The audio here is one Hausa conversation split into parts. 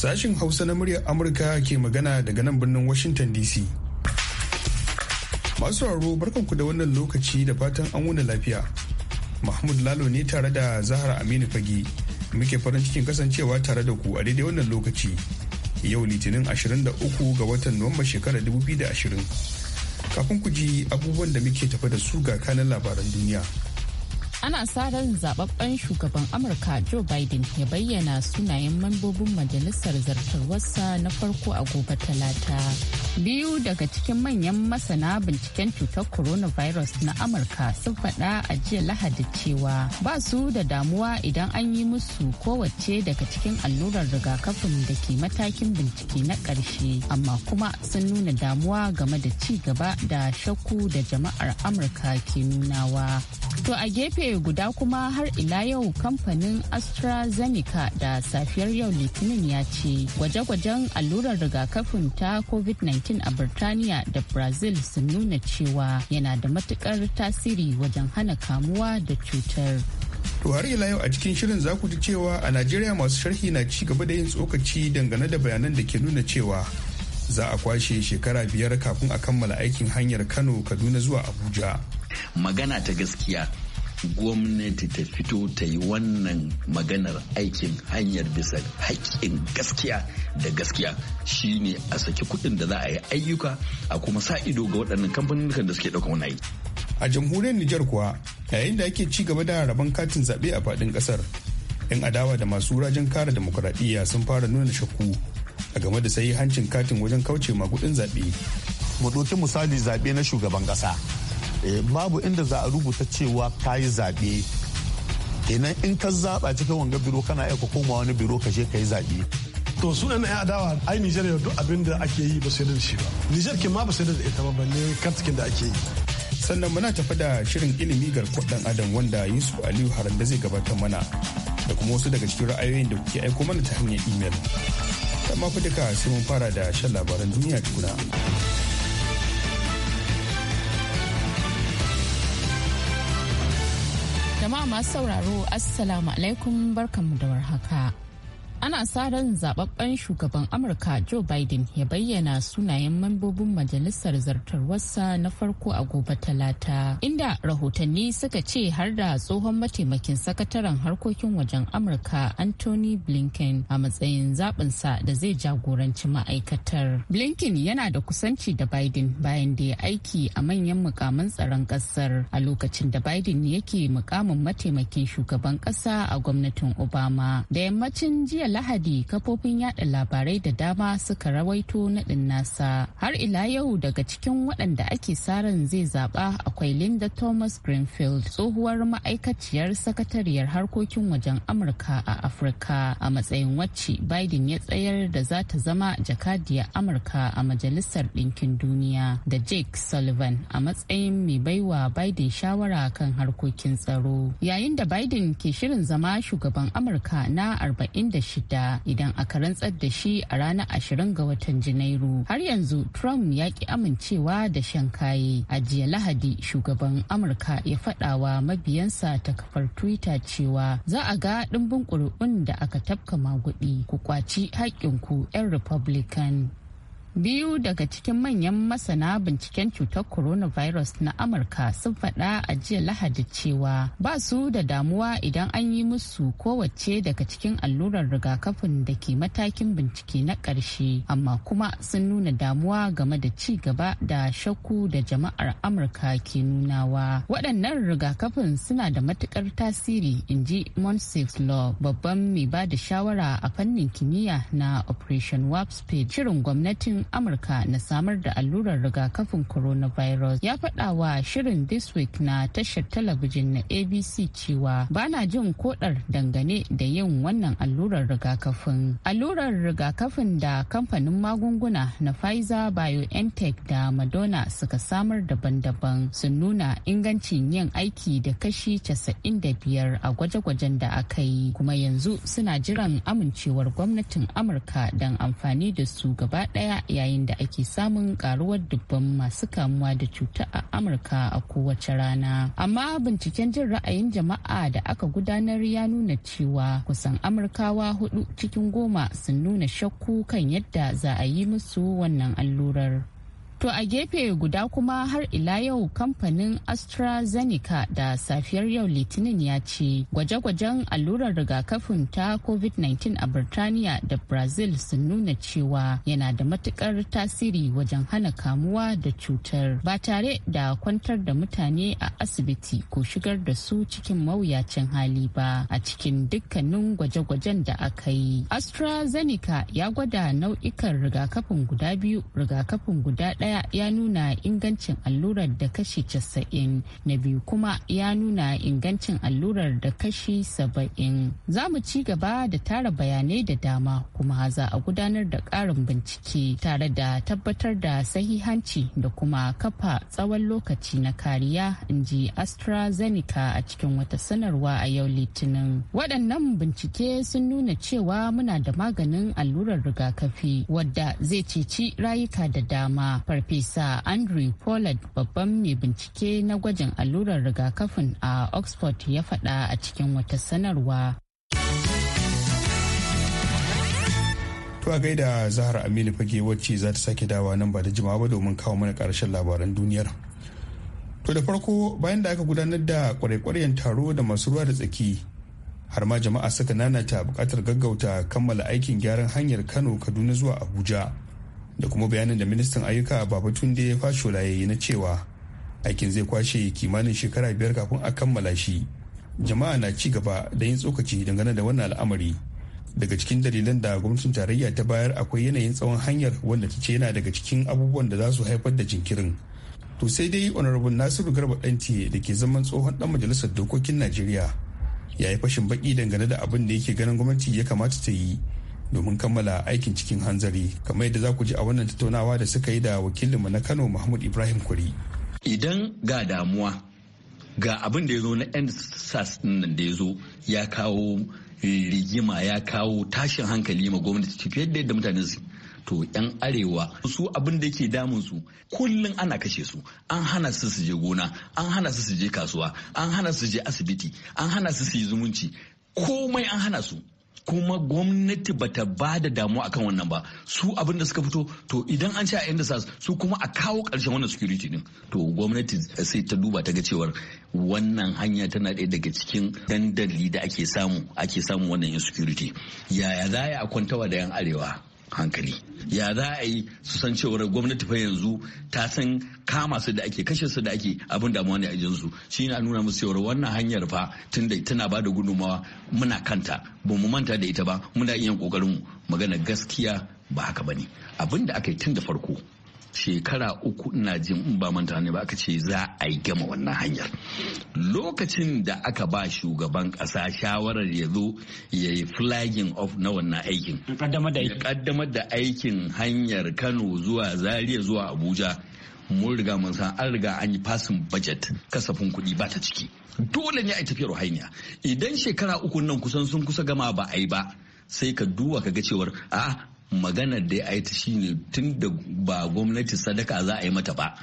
Sashin Hausa na muryar Amurka ke magana daga nan birnin Washington DC. Masu sauraro barkanku da wannan lokaci da fatan an wuna lafiya. Mahmud Lalo ne tare da Zahra Aminu Fagi Muke farin cikin kasancewa tare da ku a daidai wannan lokaci. Yau Litinin 23 ga watan Nuwamba shekarar 2020. Kafin ku ji abubuwan da muke tafa da su ga kanan labaran duniya. ana sa ran zababben shugaban amurka joe biden ya bayyana sunayen mambobin majalisar zartarwarsa na farko a gobe talata biyu daga cikin manyan masana binciken cutar coronavirus na amurka sun faɗa a jiya lahadi cewa ba su da damuwa idan an yi musu kowace daga cikin allurar rigakafin da ke matakin bincike na ƙarshe amma kuma sun nuna damuwa game da ci gaba da shakku da jama'ar amurka ke nunawa to a gefe guda kuma har ila yau kamfanin astrazeneca da safiyar yau litinin ya ce gwaje-gwajen allurar rigakafin ta covid-19 covid a birtaniya da brazil sun nuna cewa yana da matukar tasiri wajen hana kamuwa da cutar To har ila yau a cikin shirin za ku ji cewa a Najeriya masu sharhi na ci gaba da yin tsokaci dangane da bayanan da ke nuna cewa za a kwashe shekara biyar kafin a kammala aikin hanyar Kano Kaduna zuwa Abuja. Magana ta gaskiya gwamnati ta fito ta yi wannan maganar aikin hanyar bisa haƙƙin gaskiya da gaskiya shine a saki kuɗin da za a yi ayyuka a kuma sa ido ga waɗannan kamfanin da suke ɗaukar wani aiki. a jamhuriyar Nijar kuwa yayin da ake ci gaba da rabon katin zaɓe a faɗin ƙasar 'yan adawa da masu rajin kare demokuraɗiyya sun fara nuna shakku a game da sayi hancin katin wajen kauce ma kuɗin zaɓe. mu ɗauki misali zaɓe na shugaban ƙasa Eh, babu inda za a rubuta cewa ka yi zaɓe kenan in ka zaɓa cikin wanga biro kana aika koma wani biro ka je ka yi zaɓe to su yan adawa ai nijar yau duk abin da ake yi ba sai da shi ba nijar ke ma ba sai da ita ba balle kartikin da ake yi sannan muna tafi da shirin ilimi garkuwar dan adam wanda yusuf aliyu haram da zai gabatar mana da kuma wasu daga cikin ra'ayoyin da kuke aiko mana ta hanyar imel amma ku duka sai mun fara da shan labaran duniya tukuna. Jama'a masu sauraro Assalamu alaikum barkanmu da warhaka. ana sa ran zababben shugaban amurka joe biden ya bayyana sunayen mambobin majalisar zartar zartarwarsa na farko a gobe talata inda rahotanni suka ce har da tsohon mataimakin sakataren harkokin wajen amurka anthony blinken a matsayin zabinsa da zai jagoranci ma'aikatar blinken yana da kusanci da biden bayan da ya aiki a manyan mukamin tsaron kasar a lokacin da biden yake mukamin mataimakin shugaban kasa a gwamnatin obama da yammacin jiya lahadi kafofin yada labarai da dama suka rawaito naɗin nasa har ila yau daga cikin waɗanda ake saran zai zaɓa akwai linda thomas greenfield tsohuwar ma'aikaciyar sakatariyar harkokin wajen amurka a afirka a matsayin wacce biden ya tsayar da za ta zama jakadiyar amurka a majalisar ɗinkin duniya da jake sullivan a matsayin mai baiwa biden shawara kan harkokin tsaro yayin da biden ke shirin zama shugaban amurka na 46 shida idan aka rantsar da shi a ranar ashirin ga watan Janairu. Har yanzu Trump ya ki amincewa da shan kaye. A jiya Lahadi shugaban Amurka ya faɗawa mabiyansa ta kafar Twitter cewa za a ga ɗimbin ƙuri'un da aka tafka maguɗi ku kwaci haƙƙinku 'yan Republican. biyu daga cikin manyan masana binciken cutar coronavirus na amurka sun faɗa a jiya lahadi cewa ba su da damuwa idan an yi musu kowace daga cikin allurar rigakafin da ke matakin bincike na ƙarshe amma kuma sun nuna damuwa game da ci gaba da shakku da jama'ar amurka ke nunawa waɗannan rigakafin suna da matuƙar tasiri in ji law babban mai ba da shawara a fannin kimiyya na operation warp speed shirin gwamnatin sojojin amurka na samar da allurar rigakafin coronavirus ya faɗa wa shirin this week na tashar talabijin na abc cewa bana jin kodar dangane da yin wannan allurar rigakafin allurar rigakafin da kamfanin magunguna na pfizer biontech da madonna suka samar daban-daban sun nuna ingancin yin aiki da kashi 95 a gwaje-gwajen da aka yi kuma yanzu suna jiran amincewar gwamnatin amurka don amfani da su gaba daya yayin da ake samun karuwar dubban masu kamuwa da cuta a amurka a kowace rana amma binciken jin ra'ayin jama'a da aka gudanar ya nuna cewa kusan amurkawa hudu cikin goma sun nuna shakku kan yadda za a yi musu wannan allurar To a gefe guda kuma har ila yau kamfanin AstraZeneca da safiyar yau Litinin ya ce gwaje-gwajen allurar rigakafin ta COVID-19 a Birtaniya da Brazil sun nuna cewa yana da matukar tasiri wajen hana kamuwa da cutar ba tare da kwantar da mutane a asibiti ko shigar da su cikin mawuyacin hali ba a cikin dukkanin gwaje-gwajen da aka yi. AstraZeneca ya gwada nau'ikan rigakafin guda biyu rigakafin guda ɗaya daya ya nuna ingancin allurar da kashi casa'in na biyu kuma ya nuna ingancin allurar da kashi saba'in za mu ci gaba da tara bayanai da dama kuma za a gudanar da ƙarin bincike tare da tabbatar da sahihanci da kuma kafa tsawon lokaci na kariya in ji astrazeneca a cikin wata sanarwa a yau litinin waɗannan bincike sun nuna cewa muna da maganin allurar rigakafi wadda zai ceci rayuka da dama farfesa andrew pollard babban mai bincike na gwajin allurar rigakafin a oxford ya faɗa a cikin wata sanarwa To a gaida Zahar Aminu fage wacce za ta sake dawa nan ba da jima ba domin kawo mana karshen labaran duniyar. To da farko bayan da aka gudanar da kwarekwaryen taro da masu ruwa da tsaki har ma jama'a suka nanata bukatar gaggauta kammala aikin gyaran hanyar Kano Kaduna zuwa Abuja da kuma bayanin da ministan ayyuka babatunde fashola ya yi na cewa aikin zai kwashe kimanin shekara biyar kafin a kammala shi jama'a na ci gaba da yin tsokaci dangane da wannan al'amari daga cikin dalilan da gwamnatin tarayya ta bayar akwai yanayin tsawon hanyar wanda ta ce yana daga cikin abubuwan da za su haifar da jinkirin to sai dai honorable nasiru garba danti da ke zaman tsohon dan majalisar dokokin najeriya ya yi fashin baki dangane da abin da yake ganin gwamnati ya kamata ta yi domin kammala aikin cikin hanzari kamar yadda za ku ji a wannan tattaunawa da suka yi da wakilinmu na kano mahmud ibrahim kuri idan ga damuwa ga abin da ya zo na sas nan da ya zo ya kawo rigima ya kawo tashin hankali ma gwamnati fiye da yadda mutane su to yan arewa su abin da ke damun su kullum ana kashe su an hana su su je gona an hana su su je kasuwa an hana su je asibiti an hana su su yi zumunci komai an hana su kuma gwamnati bata ba da damuwa akan wannan ba su abin da suka fito to idan an ce a yanda sas su kuma a kawo karshen wannan security din to gwamnati sai ta duba ta ga cewar wannan hanya tana ɗaya daga cikin dandali da ake samu ake samu wannan insecurity yaya za a kwantawa da yan arewa hankali ya za a yi su san cewar gwamnati fa yanzu ta san kama su da ake kashe su da ake abin damuwa ne a jinsu shi na nuna musu cewar wannan hanyar fa tun da tana ba da gudunmawa muna kanta ba mu manta da ita ba muna iya kokarin magana gaskiya ba haka ba ne abin da aka yi tun da farko shekara uku ina jin in ba manta ne ba aka ce za a yi gama wannan hanyar lokacin da aka ba shugaban kasa shawarar ya zo ya yi flagging off na wannan aikin kaddamar da aikin hanyar kano zuwa Zariya zuwa abuja mun riga mun san an riga an yi fasin budget kasafin kuɗi ba ta ciki dole ne a tafiyar hanya idan shekara uku nan kusan sun kusa gama ba a yi ba sai ka duba ka ga cewar a ah, maganar da ya ta shine tun da ba gwamnati sadaka za a yi mata ba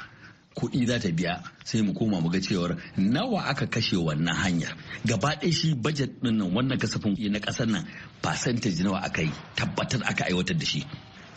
kuɗi za ta biya sai mu koma mu ga cewar nawa aka kashe wannan hanyar gaba ɗaya shi bajet ɗin wannan kasafin kuɗi na ƙasar nan percentage nawa aka yi tabbatar aka aiwatar da shi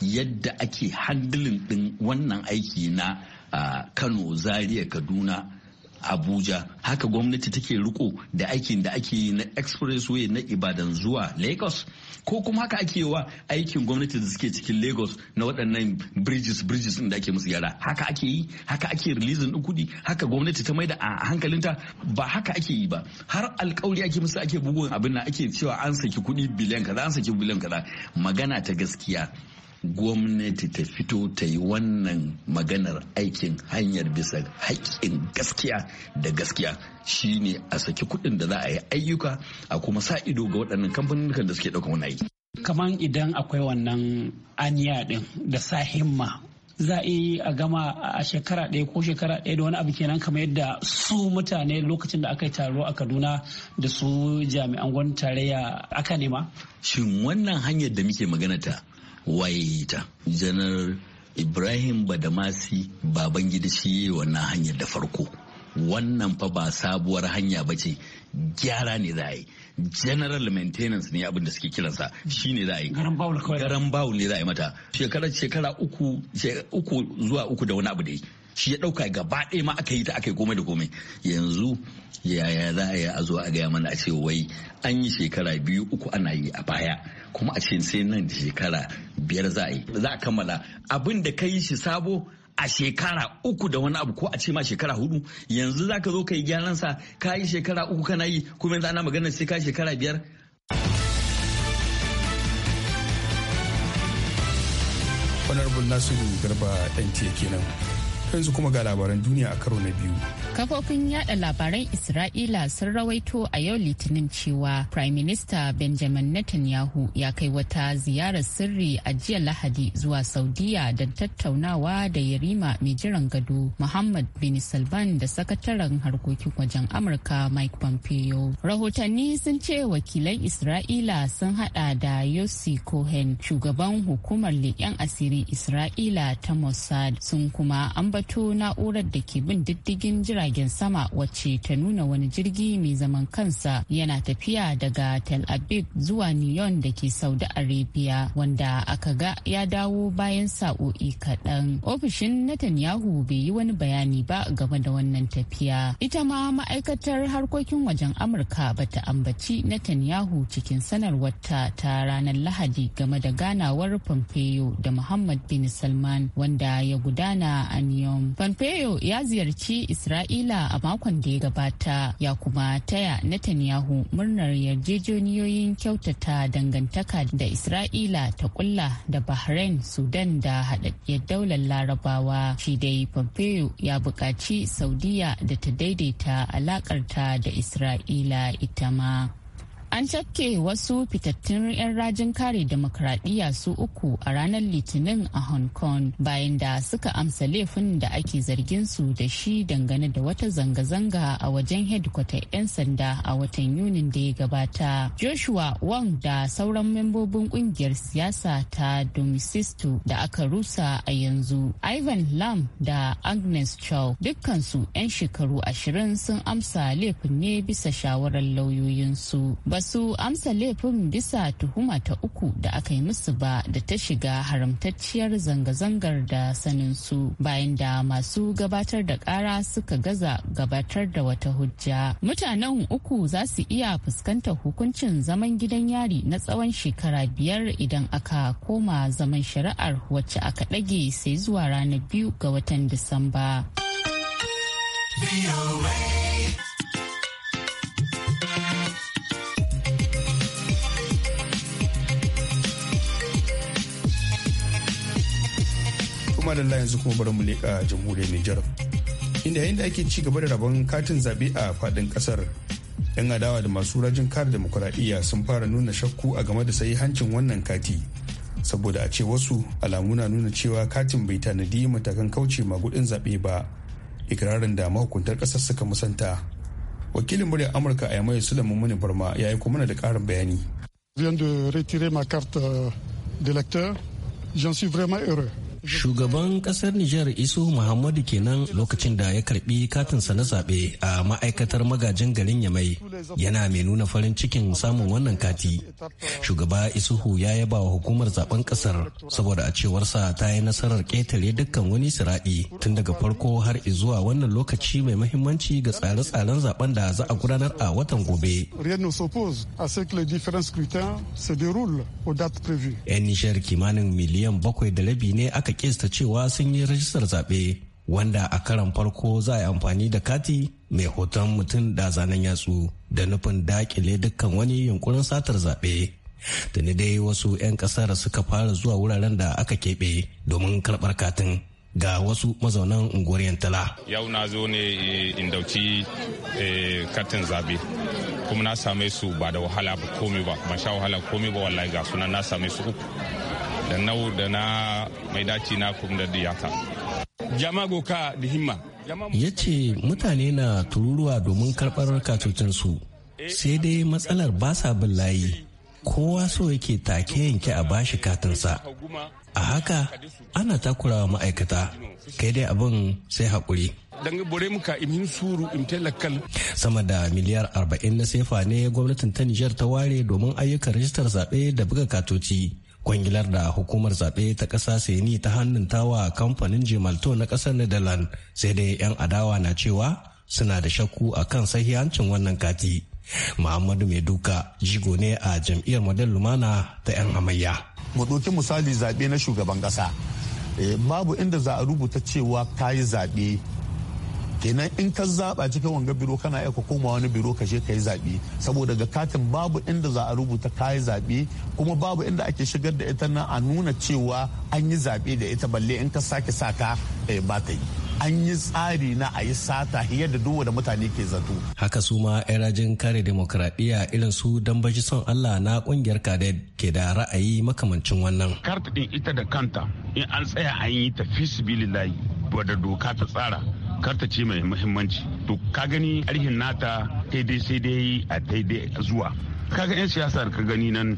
yadda ake handling ɗin wannan aiki na ah, kano zaria kaduna abuja haka gwamnati take riko da aikin da ake yi na expressway na ibadan zuwa lagos ko kuma haka ake wa aikin gwamnati da suke cikin lagos na waɗannan bridges bridges da ake musu yara haka ake yi haka ake releasing din kuɗi haka gwamnati ta maida a hankalinta ba haka ake yi ba har alkawari ake musu ake bugun abin nan ake cewa an saki kuɗi biliyan kaza an saki biliyan kaza magana ta gaskiya gwamnati ta fito ta yi wannan maganar aikin hanyar bisa haƙƙin gaskiya da gaskiya shine a saki kuɗin da za a yi ayyuka a kuma sa ido ga waɗannan kamfanin da suke ɗaukar wani aiki. kaman idan akwai wannan aniya ɗin da sa himma za a yi a gama a shekara ɗaya ko shekara ɗaya da wani abu kenan kamar yadda su mutane lokacin da aka yi taro a kaduna da su jami'an gwamnati tarayya aka nema shin wannan hanyar da muke magana ta waye ta janar ibrahim badamasi babangida shi wannan hanyar da farko wannan fa ba sabuwar hanya ba ce gyara ne za a yi general maintenance ne abin da suke kiransa shi ne za a yi garan bawul ne za a yi mata shekara uku uku zuwa uku da wani abu da yi shi ya ɗauka gaba ɗaya ma aka yi ta aka yi komai da komai yanzu yaya za a yi a zo a gaya mana a ce wai an yi shekara biyu uku ana yi a baya kuma a ce sai nan da shekara biyar za a yi za a kammala abin da ka yi shi sabo a shekara uku da wani abu ko a ce ma shekara hudu yanzu za ka zo ka yi gyaran sa ka yi shekara uku kana yi kuma yanzu ana magana sai ka shekara biyar honorable nasiru garba ɗan kenan yanzu kuma ga labaran duniya a karo na biyu. Kafofin yada labaran Isra'ila sun rawaito a yau Litinin cewa Prime Minister Benjamin Netanyahu ya kai wata ziyarar sirri a jiya Lahadi zuwa Saudiya don tattaunawa da Yarima mai jiran gado Muhammad bin Salman da sakataren harkokin wajen Amurka Mike Pompeo. Rahotanni sun ce wakilan Isra'ila sun hada da Yossi Cohen, shugaban hukumar leƙen asiri Isra'ila ta Mossad sun kuma ba. ambato na'urar da ke bin diddigin jiragen sama wacce ta nuna wani jirgi mai zaman kansa yana tafiya daga tel aviv zuwa neon da ke saudi arabia wanda aka ga ya dawo bayan sa'o'i kaɗan ofishin netanyahu bai yi wani bayani ba game da wannan tafiya ita ma ma'aikatar harkokin wajen amurka bata ambaci netanyahu cikin sanarwarta ta ranar lahadi game da ganawar pompeo da muhammad bin salman wanda ya gudana a neon Lebanon. Pompeo ya ziyarci Isra'ila a makon da ya gabata ya kuma taya Netanyahu murnar yarjejeniyoyin kyautata dangantaka da Isra'ila ta kulla da Bahrain, Sudan da haɗaɗɗiyar daular Larabawa. Shi dai Pompeo ya buƙaci Saudiya da ta daidaita alaƙarta da Isra'ila ita ma. An cakke wasu fitattun 'yan rajin kare demokradiyya su uku a ranar Litinin a Hong Kong bayan da suka amsa laifin da ake zargin su da shi dangane da wata zanga-zanga a wajen hedkwatar 'yan sanda a watan Yunin da ya gabata. Joshua Wong da sauran membobin kungiyar siyasa ta Domicisto da aka rusa a yanzu. Ivan Lam da Agnes Chow dukkansu 'yan shekaru ashirin sun amsa laifin ne bisa shawarar lauyoyinsu. Ba wasu amsa laifin bisa tuhuma ta uku da aka yi musu ba da ta shiga haramtacciyar zanga-zangar da saninsu bayan da masu gabatar da kara suka gaza gabatar da wata hujja. Mutanen uku za su iya fuskantar hukuncin zaman gidan yari na tsawon shekara biyar idan aka koma zaman shari'ar wacce aka ɗage sai zuwa ranar biyu ga watan Disamba. da yanzu kuma bari mu leƙa jamhuriyar Nijar. Inda yayin da ake ci gaba da rabon katin zaɓe a faɗin ƙasar, 'yan adawa da masu rajin kare demokuraɗiyya sun fara nuna shakku a game da hancin wannan kati. Saboda a ce wasu alamu na nuna cewa katin bai tanadi matakan kauce ma gudun zaɓe ba, ikirarin da mahukuntar ƙasar suka musanta. Wakilin murya Amurka a Yamai Sulaiman Muni Barma ya yi kuma da ƙarin bayani. Viens de retirer ma carte euh, d'électeur. J'en suis vraiment heureux. Shugaban kasar Nijar Isu Muhammadu kenan lokacin da ya karbi katinsa na zaɓe a ma'aikatar magajin garin Yamai yana mai nuna farin cikin samun wannan kati. Shugaba Isuhu ya yaba wa hukumar zaben kasar saboda a cewarsa ta yi nasarar ƙetare dukkan wani siraɗi tun daga farko har zuwa wannan lokaci mai muhimmanci ga tsare-tsaren zaben da za a gudanar a watan gobe. Yan Nijar kimanin miliyan bakwai da rabi ne aka aka kista cewa sun yi rajistar zaɓe wanda a karan farko za a yi amfani da kati mai hoton mutum da zanen yatsu da nufin dakile dukkan wani yunkurin satar zaɓe tuni dai wasu 'yan ƙasar suka fara zuwa wuraren da aka keɓe domin karɓar katin ga wasu mazaunan unguwar yantala yau na zo ne eh, in dauci eh, katin zabe kuma na same su ba da wahala ba komi ba ban sha wahala komi ba wallahi ga sunan na same su uku da nau da na mai daci na kuma da diyata jama'a goka da himma ya ce mutane na tururuwa domin karɓar katocinsu sai dai matsalar ba sa bin layi kowa so yake take yanke a bashi katinsa a haka ana takurawa ma'aikata kai dai abin sai haƙuri sama da miliyar arba'in na sefa ne gwamnatin ta nijar ta ware domin ayyukan rajistar zaɓe da buga katoci kwangilar da hukumar zaɓe ta ƙasa seni ta hannuntawa kamfanin jimalto na ƙasar netherlands sai dai 'yan adawa na cewa suna da shakku a kan sahihancin wannan kati muhammadu mai duka jigo ne a jam'iyyar model lumana ta 'yan amayya mu ɗauki misali zaɓe na shugaban ƙasa eh, babu inda za a rubuta cewa ta yi zaɓe kenan in ka zaba cikin wanga biro kana iya ka koma wani biro ka je ka yi zaɓe saboda ga katin babu inda za a rubuta ka yi zaɓe kuma babu inda ake shigar da ita na a nuna cewa an yi zaɓe da ita balle in ka sake sa ka eh, ba ta yi an yi tsari na a yi sata hiyar da duk da mutane ke zato. Haka su ma 'yan rajin kare demokradiyya irin su dambaji son Allah na kungiyar kadet ke da ra'ayi makamancin wannan. Karta din ita da kanta in an tsaya an yi ta fi wadda doka ta tsara karta ce mai muhimmanci to ka gani arihin nata daidai sai dai a daidai zuwa ga 'yan siyasa ka gani nan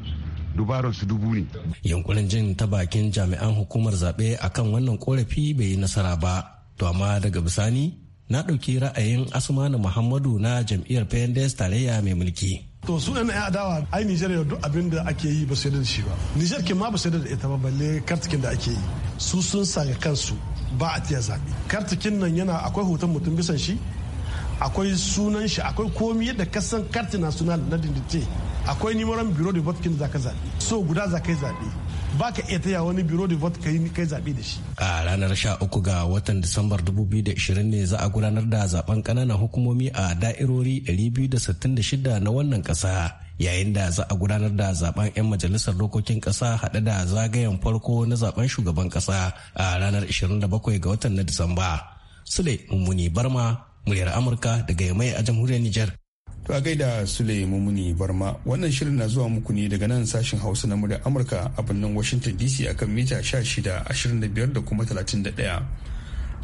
dubaron su dubu ne. Yankunan jin ta bakin jami'an hukumar zaɓe akan wannan korafi bai yi nasara ba. To amma daga bisani na ɗauki ra'ayin Asmanu Muhammadu na jam'iyyar PNDS tarayya mai mulki. To su ɗan ya adawa ai Nijar yau duk abin da ake yi ba su yarda da shi ba. Nijar ke ma ba su yarda da ita ba balle kartikin da ake yi. Su sun sa kansu ba a tiya zaɓe kartikin nan yana akwai hoton mutum bisan shi akwai sunan shi akwai komi yadda kasan karti national na dindite akwai nimaran biro de vote za ka zaɓe so guda za ka zaɓe ba ka iya taya wani biro de vote kai kai zaɓe da shi. A ranar 13 ga watan Disambar 2020 ne za a gudanar da zaben kananan hukumomi a da'irori 266 na wannan kasa. yayin da za a gudanar da zaben 'yan majalisar dokokin kasa haɗe da zagayen farko na zaben shugaban kasa a ranar 27 ga watan na Disamba. Sule Mummuni Barma, muryar Amurka daga Yamai a jamhuriyar niger. To a gaida Sule Mummuni Barma, wannan shirin na zuwa muku ne daga nan sashin Hausa na muryar Amurka a birnin Washington DC akan mita 16, da kuma 31.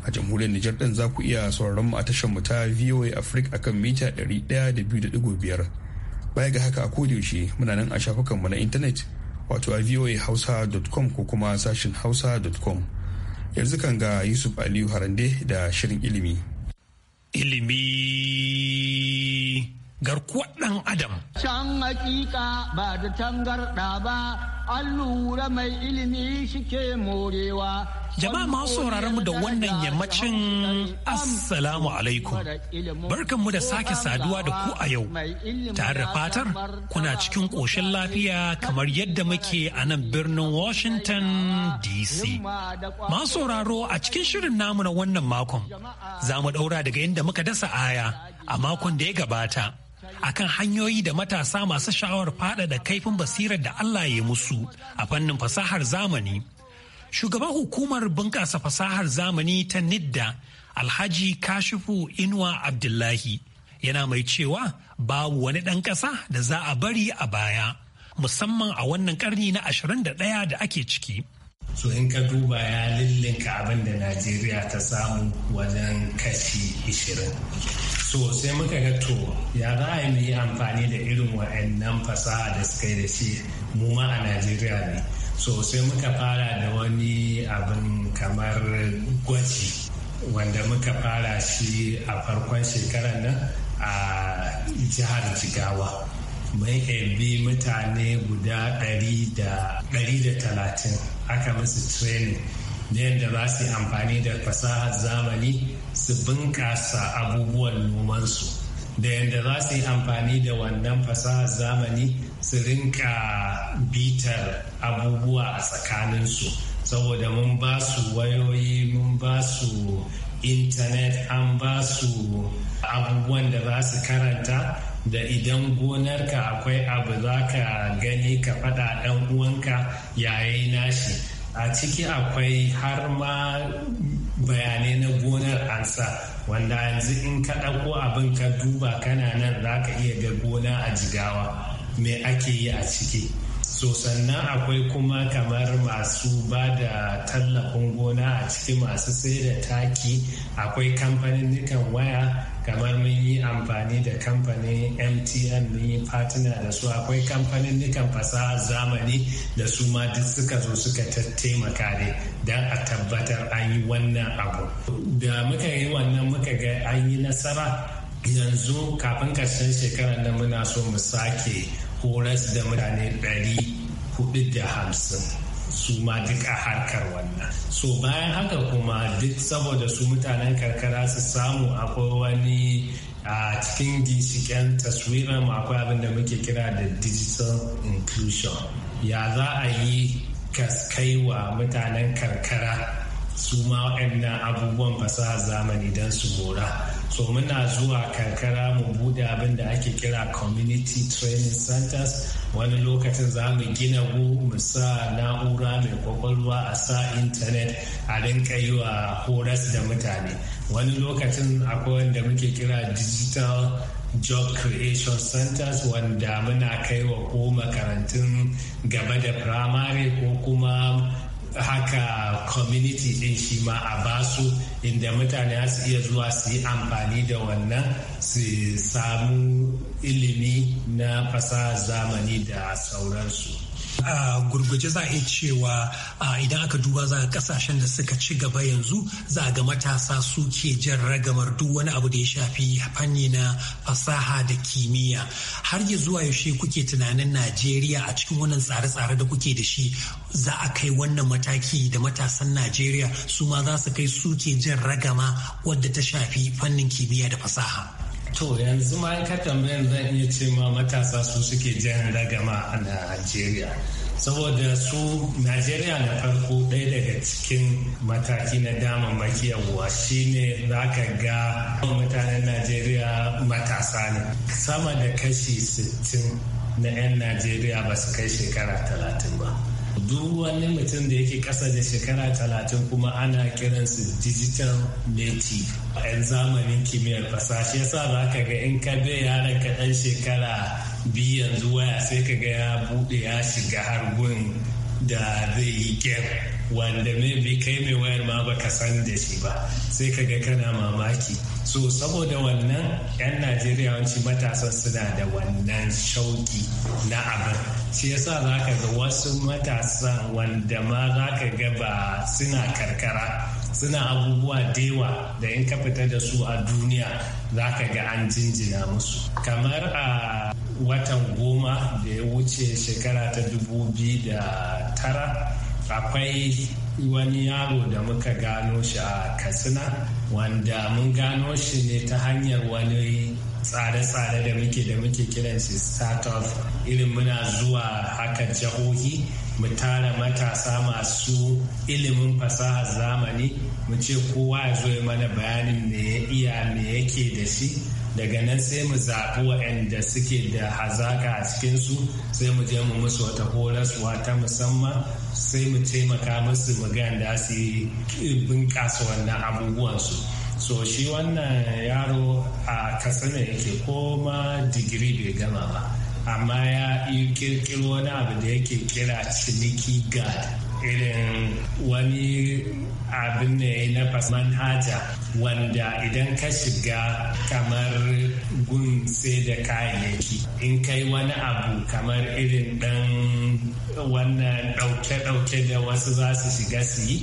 a jamhuriyar Nijar ɗin za ku iya sauraron mu a tashar mu ta VOA Africa akan mita 100.5 baya ga haka a yaushe muna nan a shafukanmu na intanet wato a voahausa.com ko kuma sashin hausa.com yanzu kan ga yusuf aliyu harande da shirin ilimi ilimi garkuwar ɗan adam. Can hakika ba da tangarɗa ba, an mai ilimi shike morewa. Jama'a masu mu da wannan yammacin Assalamu alaikum. barkan mu da sake saduwa da ku a yau, tare da fatar kuna cikin ƙoshin lafiya kamar yadda muke a nan birnin Washington DC. Masu sauraro a cikin shirin namu na wannan makon, za mu ɗaura daga inda muka dasa aya a makon da ya gabata. akan hanyoyi da matasa masu sha'awar faɗaɗa kaifin basirar da Allah ya musu a fannin fasahar zamani. Shugaban hukumar bunƙasa fasahar zamani ta NIDDA Alhaji Kashifu Inuwa Abdullahi yana mai cewa babu wani ɗan ƙasa da za a bari a baya, musamman a wannan ƙarni na 21 da ake ciki. Su in ka duba ya lillinka abin da najeriya ta samu wajen kashi 20 so sai muka ga to ya za a yi amfani da irin wa'annan fasaha da suka yi da shi mu ma a najeriya ne so sai muka fara da wani abin kamar gwaji wanda muka fara shi a farkon shekarar nan a jihar jigawa mun bi mutane guda 130 aka musu training na yadda za su yi amfani da fasahar zamani su bunƙasa abubuwan nomansu da yadda za su yi amfani da wannan fasahar zamani su rinka bitar abubuwa a tsakaninsu saboda mun ba su wayoyi mun ba su intanet an ba su abubuwan da za su karanta da idan gonarka akwai abu za ka gani ka faɗa ɗan uwanka yayi nashi a ciki akwai har ma bayanai na gonar ansa wanda yanzu in ka ɗauko abin ka duba kana nan za ka iya ga gona a jigawa me ake yi a ciki so sannan akwai kuma kamar masu ba da tallafin gona a ciki masu sai da taki akwai kamfanin waya kamar mun yi amfani da kamfanin mtn mun yi partner da su akwai kamfanin nikan fasaha zamani da su ma duk suka zo suka taimaka ne don a tabbatar an yi wannan abu da muka yi wannan muka ga an yi nasara yanzu kafin karshen shekarar nan muna so mu sake horas da mutane 450 su ma duk a harkar wannan so bayan haka kuma duk saboda su mutanen karkara su samu akwai wani a cikin ginshiken taswirar akwai abin da muke kira da digital inclusion ya za a yi kaskaiwa wa mutanen karkara su ma waɗannan abubuwan fasaha zamani don su mora so muna zuwa karkara mu bude abin da ake kira community training centers wani lokacin za mu gina gu mu sa na'ura mai kwakwalwa a sa intanet a rinka yi wa horas da mutane wani lokacin akwai wanda muke kira digital job creation centers wanda muna kai wa ko makarantun gaba da primary ko kuma haka community din shi ma a basu inda mutane su iya zuwa su yi amfani da wannan su samu ilimi na fasahar zamani da sauransu. a gurguje za a iya cewa idan aka duba za a kasashen da suka ci gaba yanzu za a ga matasa suke jan ragamar duk wani abu da ya shafi fanni na fasaha da kimiyya har yi zuwa yaushe kuke tunanin najeriya a cikin wannan tsare-tsare da kuke da shi za a kai wannan mataki da matasan najeriya su ma za su kai suke jan ragama wadda ta shafi fannin kimiyya da fasaha To yanzu ma ka tambayar zan iya ce ma matasa su suke jan ragama a Najeriya. Saboda su Najeriya na farko ɗaya daga cikin mataki na damammaki yawwa shine za ka ga mutanen Najeriya matasa ne. Sama da kashi 60 na 'yan Najeriya ba su kai shekara 30 ba. duk wani mutum da yake ƙasa da shekara talatin kuma ana kiransu digital native yan zamanin kimiyyar fasashe ya yasa za ka ga in ka bai yaran ka ɗan shekara biyu yanzu waya sai ka ga ya buɗe ya shiga har da zai yi game wanda bi kai mai wayar ma baka san da shi ba sai ka ga kana mamaki so saboda wannan 'yan najeriya wanci matasan suna da wannan shauki na abin shi yasa za ka ga wasu matasan wanda ma za ka ga ba suna karkara suna abubuwa dewa da in ka fita da su a duniya za ka ga an jinjina musu kamar a watan goma da ya wuce shekara ta dubu biyu da tara akwai wani yaro da muka gano shi a katsina wanda mun gano shi ne ta hanyar wani tsare-tsare da muke da muke kiran shi startup irin muna zuwa haka jihohi mu tara matasa masu ilimin fasaha zamani mu ce kowa ya zo mana bayanin me ya iya me yake da shi daga nan sai mu zaɓi waɗanda suke da hazaƙa a cikinsu sai mu je mu musu wata horaswa ta musamman sai mu taimaka musu mu da su yi bunƙasa wannan abubuwansu so shi wannan yaro a kasana yake ko ma digiri bai gama ba amma ya yi kirkiro wani abu da yake kira ciniki gad irin wani abin ne na manhaja wanda idan ka shiga kamar gun sai da kayayyaki in kai wani abu kamar irin dan wannan ɗauke-ɗauke da wasu za su shiga su yi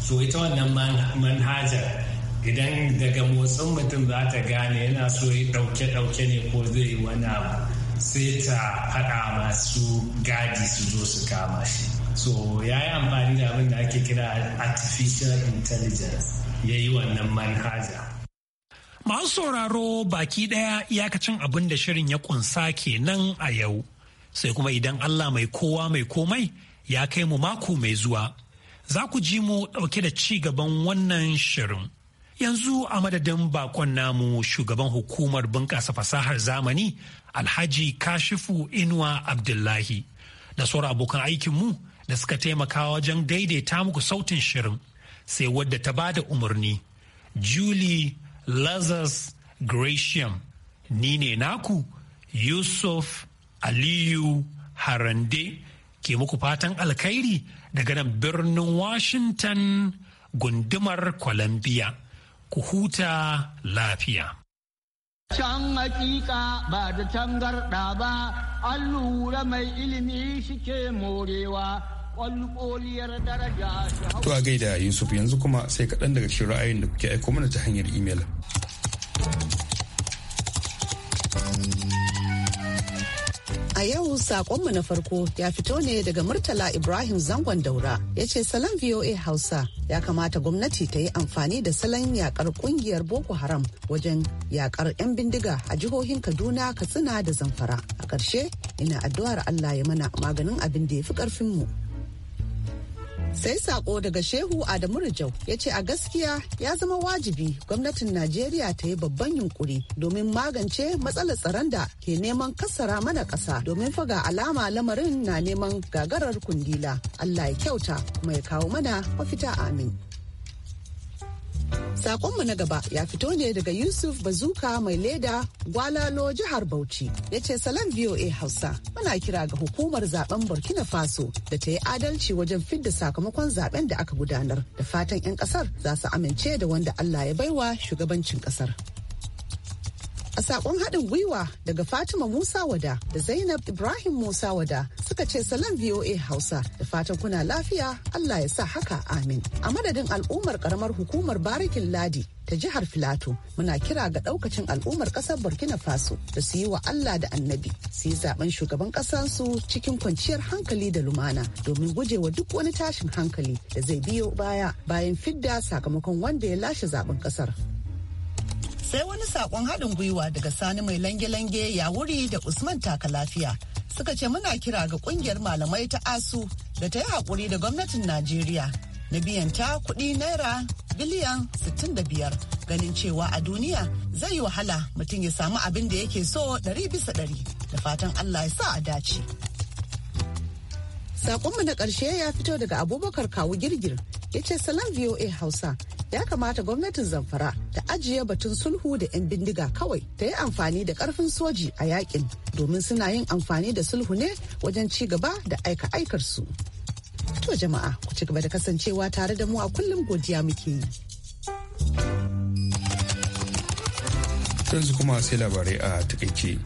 so ita wannan manhajar idan daga motsin mutum za ta gane yana so ya ɗauke-ɗauke ne ko zai yi wani abu sai ta faɗa masu gadi su zo su kama shi so ya yi amfani da abin da ake kira artificial intelligence ya yi wannan manhaja masu sauraro baki daya iyakacin abin da shirin ya kunsa kenan a yau sai kuma idan allah mai kowa mai komai ya kai mu mako mai zuwa za ku ji mu dauke da ci gaban wannan shirin yanzu a madadin bakon namu shugaban hukumar bunƙasa fasahar zamani alhaji kashifu inuwa abdullahi da sauran abokan aikinmu da suka taimaka wajen daidaita muku sautin shirin sai wadda ta ba da umarni julie lazarus gratium ni ne naku yusuf aliyu harande ke muku fatan alkhairi daga nan birnin washington gundumar columbia ku huta lafiya Can hakika ba da garɗa ba, an lura mai ilimi shi ke morewa To a gaida Yusuf yanzu kuma sai kaɗan daga cikin ra'ayin da kuke aiko mana ta hanyar imel. A yau saƙonmu na farko ya fito ne daga Murtala Ibrahim Zangon Daura ya ce salon VOA Hausa ya kamata gwamnati ta yi amfani da salon yaƙar ƙungiyar Boko Haram wajen yaƙar 'yan bindiga a jihohin Kaduna, Katsina da Zamfara. A ƙarshe ina addu'ar Allah ya mana maganin abin da ya fi ƙarfinmu. sai sako daga shehu adamu rijau ya ce a gaskiya ya zama wajibi gwamnatin najeriya ta yi babban yunkuri domin magance matsalar tsaron da ke neman kassara mana kasa domin faga alama lamarin na neman gagarar kundila allah ya kyauta kuma ya kawo mana mafita amin Sakonmu na gaba ya fito ne daga Yusuf Bazuka mai leda gwalalo jihar Bauchi ya ce salam VOA Hausa muna kira ga hukumar zaben Burkina Faso da ta yi adalci wajen fidda sakamakon zaben da aka gudanar da fatan 'yan kasar za su amince da wanda Allah ya baiwa shugabancin kasar. a sakon haɗin gwiwa daga Fatima Musa Wada da Zainab Ibrahim Musa Wada suka ce Salam VOA Hausa da fatan kuna lafiya Allah ya sa haka amin. A madadin al'ummar karamar hukumar Barikin Ladi ta jihar Filato muna kira ga ɗaukacin al'ummar ƙasar Burkina Faso da su yi wa Allah da annabi su yi zaben shugaban ƙasarsu cikin kwanciyar hankali da lumana domin gujewa duk wani tashin hankali da zai biyo baya bayan fidda sakamakon wanda ya lashe zaben ƙasar. sai wani sakon haɗin gwiwa daga sani mai lange-lange ya wuri da usman taka lafiya suka ce muna kira ga kungiyar malamai ta asu da ta yi haƙuri da gwamnatin najeriya na biyan ta kuɗi naira biliyan 65 ganin cewa a duniya zai yi wahala mutum ya samu abin da yake so 100 bisa 100 da fatan allah ya sa a dace Sakonmu na ƙarshe ya fito daga Abubakar Kawu Girgir ya ce salam VOA Hausa ya kamata gwamnatin Zamfara ta ajiye batun sulhu da 'yan bindiga kawai ta yi amfani da ƙarfin soji a yakin domin suna yin amfani da sulhu ne wajen ci gaba da aika aikarsu. To jama'a ku ci gaba da kasancewa tare da mu a kullum godiya muke yi. Yanzu kuma sai labarai a takaice.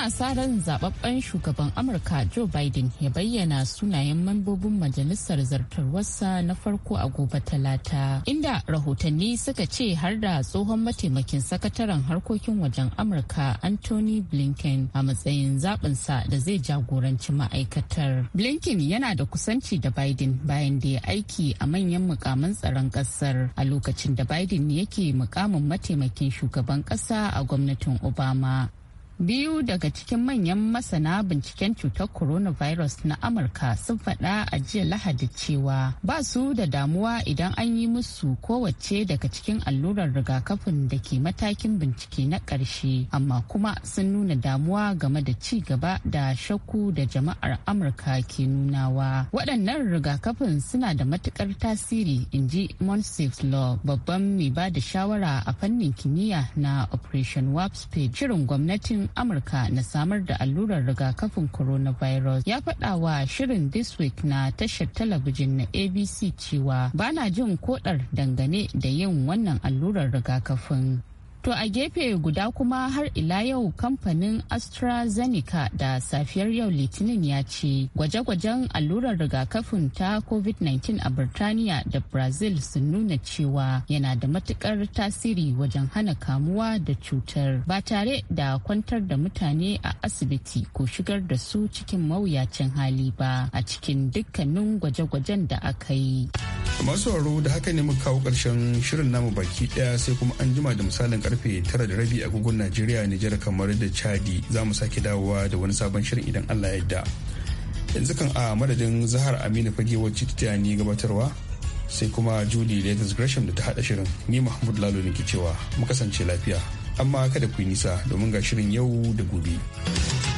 ana sa ran zababben shugaban amurka joe biden ya bayyana sunayen mambobin majalisar zartarwarsa na farko a gobe talata inda rahotanni suka ce har da tsohon mataimakin sakataren harkokin wajen amurka anthony blinken a matsayin zabinsa da zai jagoranci ma'aikatar blinken yana da kusanci da biden bayan da ya aiki a manyan mukamin tsaron kasar a lokacin da biden yake mukamin mataimakin shugaban kasa a gwamnatin obama biyu daga cikin manyan masana binciken cutar coronavirus na amurka sun faɗa a jiya lahadi cewa ba su da damuwa idan an yi musu kowace daga cikin allurar rigakafin da ke matakin bincike na ƙarshe amma kuma sun nuna damuwa game da ci gaba da shakku da jama'ar amurka ke nunawa waɗannan rigakafin suna da matuƙar tasiri in ji law babban mai ba da shawara a fannin kimiyya na operation warp speed shirin gwamnatin amurka na samar da allurar rigakafin coronavirus ya faɗa wa shirin this week na tashar talabijin na abc cewa bana jin koɗar dangane da yin wannan allurar rigakafin To a gefe guda kuma har ila yau kamfanin AstraZeneca da safiyar yau Litinin ya ce gwaje-gwajen allurar rigakafin ta COVID-19 a Birtaniya da Brazil sun nuna cewa yana da matukar tasiri wajen hana kamuwa da cutar ba tare da kwantar da mutane a asibiti ko shigar da su cikin mawuyacin hali ba a cikin dukkanin gwaje-gwajen da aka yi. Masu da haka ne muka kawo ƙarshen shirin namu baki ɗaya sai kuma an jima da misalin karfe 9:30 agogon Najeriya Nijar kamar da Chadi za mu sake dawowa da wani sabon shirin idan Allah ya yadda. Yanzu kan a madadin Zahar Aminu fage wacce ta ni gabatarwa sai kuma Judy Latest Gresham da ta hada shirin ni Mahmud Lalo ne ke cewa mu kasance lafiya amma kada ku yi nisa domin ga shirin yau da gobe.